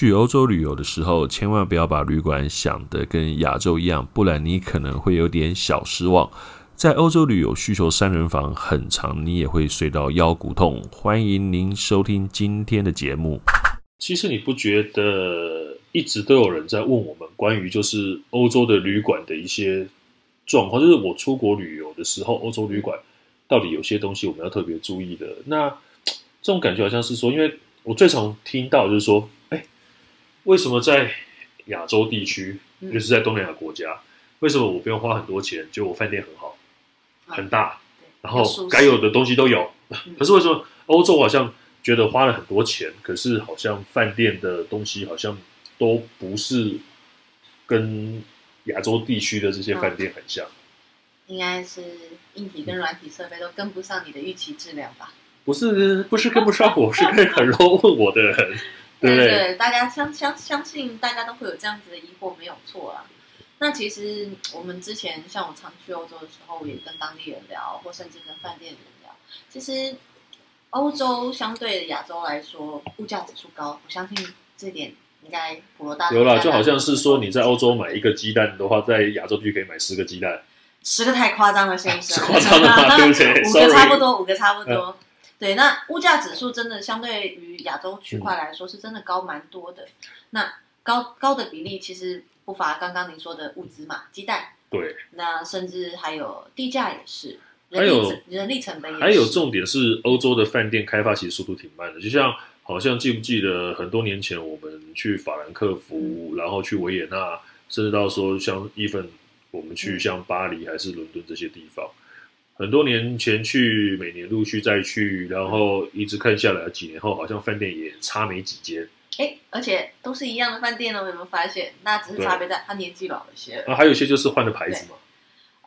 去歐洲旅遊的時候，千萬不要把旅館想得跟亞洲一樣，不然你可能會有點小失望。在歐洲旅遊，需求三人房很常，你也會睡到腰骨痛。歡迎您收聽今天的節目。其實你不覺得，一直都有人在問我們關於就是歐洲的旅館的一些狀況，就是我出國旅遊的時候，歐洲旅館到底有些東西我們要特別注意的？那這種感覺好像是說，因為我最常聽到就是說。為什麼在亞洲地區，尤其、嗯、是在東南亞國家，嗯、為什麼我不用花很多錢就我飯店很好、嗯、很大，對然後該有的東西都有？嗯、可是為什麼歐洲好像覺得花了很多錢，嗯、可是好像飯店的東西好像都不是跟亞洲地區的這些飯店很像？嗯、應該是硬體跟軟體設備都跟不上你的預期質量吧？不是，不是跟不上我，我 是很 low 我的人。對對,對，大家相相相信，大家都會有這樣子的疑惑，沒有錯啦。那其實我們之前，像我常去歐洲的時候，我也跟當地人聊，或甚至跟飯店人聊，其實歐洲相對的亞洲來說，物價指數高，我相信這點應該普羅大,大有啦。就好像是說，你在歐洲買一個雞蛋的話，在亞洲就可以買十個雞蛋，十個太誇張了，先生， 誇張的嗎？五個差不多，Sorry 五個差不多。嗯對，那物價指數真的相對於亞洲區塊來說，是真的高蠻多的。嗯、那高高的比例其實不乏剛剛您說的物資嘛，雞蛋。對，那甚至還有地價也是，還有人力成本也是。還有重點是，歐洲的飯店開發其實速度挺慢的。就像好像記不記得很多年前，我們去法蘭克福，嗯、然後去維也納，甚至到時候像一份我們去像巴黎還是倫敦這些地方。嗯很多年前去，每年陸續再去，然後一直看下來，幾年後好像飯店也差沒幾間。哎，而且都是一樣的飯店哦，有沒有發現？那只是差別在他年紀老了些了。啊，還有一些就是換的牌子嘛。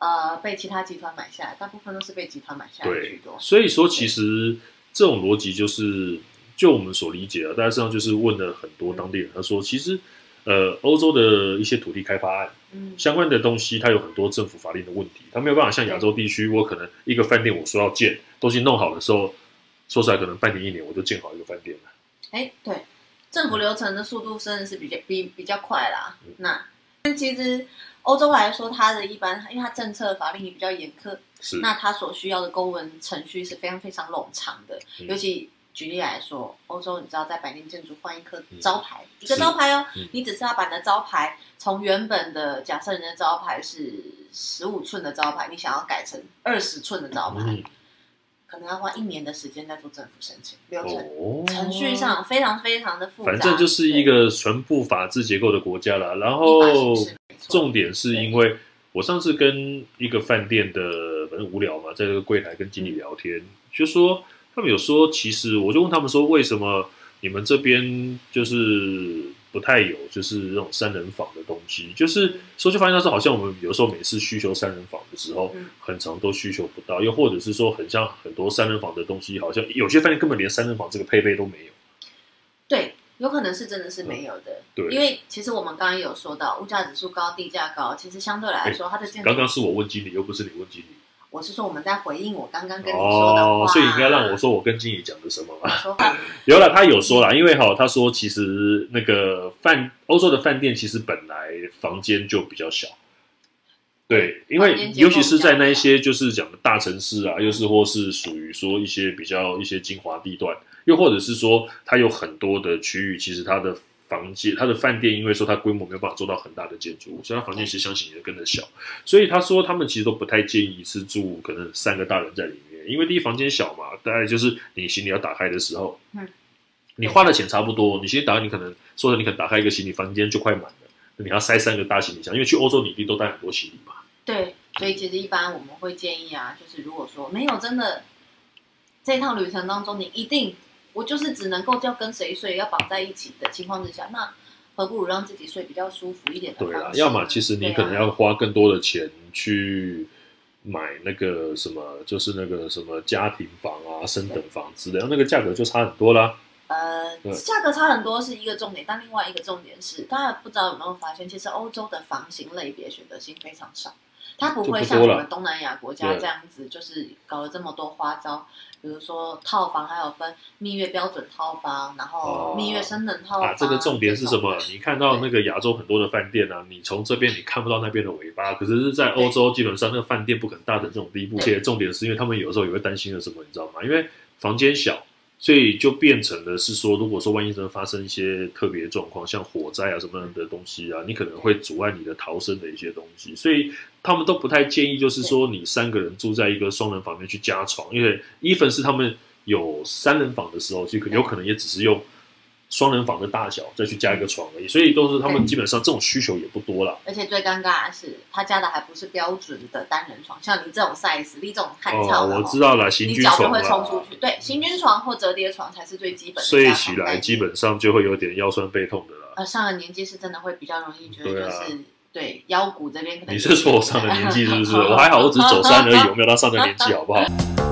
呃，被其他集團買下來，大部分都是被集團買下來多。對，所以說其實這種邏輯就是，就我們所理解的啊，大家實際上就是問了很多當地人，他說其實，呃，歐洲的一些土地開發案。嗯、相關的東西，它有很多政府法令的問題，它沒有辦法像亞洲地區，嗯、我可能一個飯店我說要建，東西弄好的時候，說出來可能半年、一年我就建好一個飯店了。哎、欸，對，政府流程的速度真的是比較、嗯、比比較快啦。那但其實歐洲來說，它的一般，因為它政策法令也比較嚴苛，是那它所需要的公文程序是非常非常冗長的，嗯、尤其。舉例來說，歐洲你知道，在百年建築換一顆招牌，嗯、一個招牌哦，嗯、你只是要把你的招牌從原本的，假設你的招牌是十五寸的招牌，你想要改成二十寸的招牌，嗯、可能要花一年的時間在做政府申請流程，程，哦、程序上非常非常的複雜，反正就是一個全部法制結構的國家啦。對然後，重點是因為我上次跟一個飯店的，反正無聊嘛，在這個櫃檯跟經理聊天，嗯、就說。他們有說，其實我就問他們說，為什麼你們這邊就是不太有，就是那種三人房的東西？就是說，所以就發現他說，好像我們有的時候每次需求三人房的時候，嗯、很常都需求不到，又或者是說，很像很多三人房的東西，好像有些飯店根本連三人房這個配備都沒有。對，有可能是真的是沒有的。嗯、對，因為其實我們剛剛有說到，物價指數高，地價高，其實相對來說，他、欸、的剛剛是我問經理，又不是你問經理。我是說，我們在回應我剛剛跟你說的話，哦、所以應該讓我說我跟經理講的什麼嘛、啊？有了，他有說了，因為哈，他說其實那個飯歐洲的飯店其實本來房間就比較小，對，因為尤其是在那一些就是講的大城市啊，又是或是屬於說一些比較一些精華地段，又或者是說它有很多的區域，其實它的。房間，他的飯店因為說他規模沒有辦法做到很大的建築物，所以他房間其實相信也更的小。嗯，所以他說他們其實都不太建議是住可能三個大人在裡面，因為第一房間小嘛，大概就是你行李要打開的時候，嗯，你花的錢差不多，對 你行李打開你可能說的，你可能打開一個行李房間就快滿了，你要塞三個大行李箱，因為去歐洲你一定都帶很多行李嘛。對，所以其實一般我們會建議啊，就是如果說沒有真的這趟旅程當中，你一定。我就是只能夠叫跟誰睡，要綁在一起的情況之下，那何不如讓自己睡比較舒服一點的？對啊，要麼其實你可能要花更多的錢去買那個什麼，啊、就是那個什麼家庭房啊、升等房之類的，對那個價格就差很多啦。呃，對價格差很多是一個重點，但另外一個重點是，大家不知道有沒有發現，其實歐洲的房型類別選擇性非常少。它不會像我們東南亞國家這樣子，就是搞了這麼多花招，對比如說套房，還有分蜜月標準套房，然後蜜月升等套房。哦、啊。這個重點是什麼？種你看到那個亞洲很多的飯店啊，對你從這邊你看不到那邊的尾巴，可是是在歐洲，基本上那個飯店不可能大的這種地步。對而且重點是因為他們有時候也會擔心有什麼，你知道嗎？因為房間小。所以就變成了是說，如果說萬一真的發生一些特別狀況，像火災啊什麼樣的東西啊，你可能會阻礙你的逃生的一些東西。所以他們都不太建議，就是說你三個人住在一個雙人房裡面去加床，因為 even 是他們有三人房的時候，就有可能也只是用雙人房的大小，再去加一個床而已，所以都是他們基本上這種需求也不多了，嗯。而且最尷尬的是，他加的還不是標準的單人床，像你這種 size，你這種漢草。我知道了，行軍床，你腳都會衝出去，對，行軍床或折疊床才是最基本的。睡起來基本上就會有點腰酸背痛的了。呃，上了年紀是真的會比較容易覺得就是對腰骨這邊，你是說我上了年紀是不是？我還好，我只走山而已，我沒有到上個年紀，好不好？